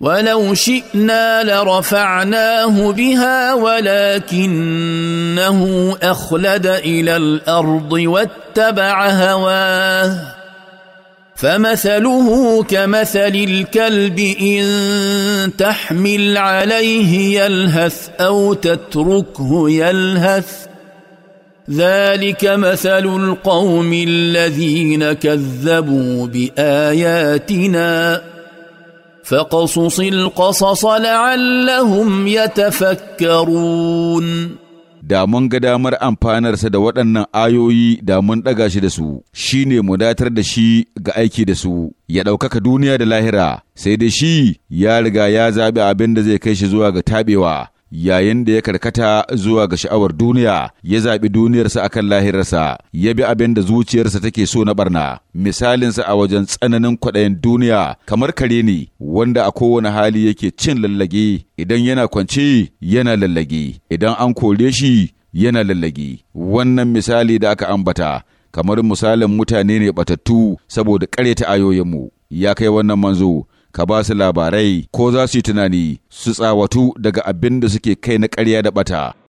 ولو شئنا لرفعناه بها ولكنه اخلد الى الارض واتبع هواه فمثله كمثل الكلب ان تحمل عليه يلهث او تتركه يلهث ذلك مثل القوم الذين كذبوا باياتنا فقصص القصص لعلهم يتفكرون da mun ga damar amfanarsa da waɗannan ayoyi da mun ɗaga shi da su, shi ne mu datar da shi ga aiki da su, ya ɗaukaka duniya da lahira, sai da shi ya riga ya zaɓi abin da zai kai shi zuwa ga taɓewa. yayin da ya karkata zuwa ga sha'awar duniya ya zaɓi duniyarsa akan lahirarsa ya bi abin da zuciyarsa take so na barna misalinsa a wajen tsananin kwaɗayin duniya kamar kare ne wanda a kowane hali yake cin lallage idan yana kwance yana lallage idan an kore shi yana lallage wannan misali da aka ambata kamar misalin mutane ne batattu saboda ƙareta ayoyinmu ya kai wannan manzo ka ba su labarai ko za su yi tunani su tsawatu daga abin da suke kai na ƙarya da ɓata.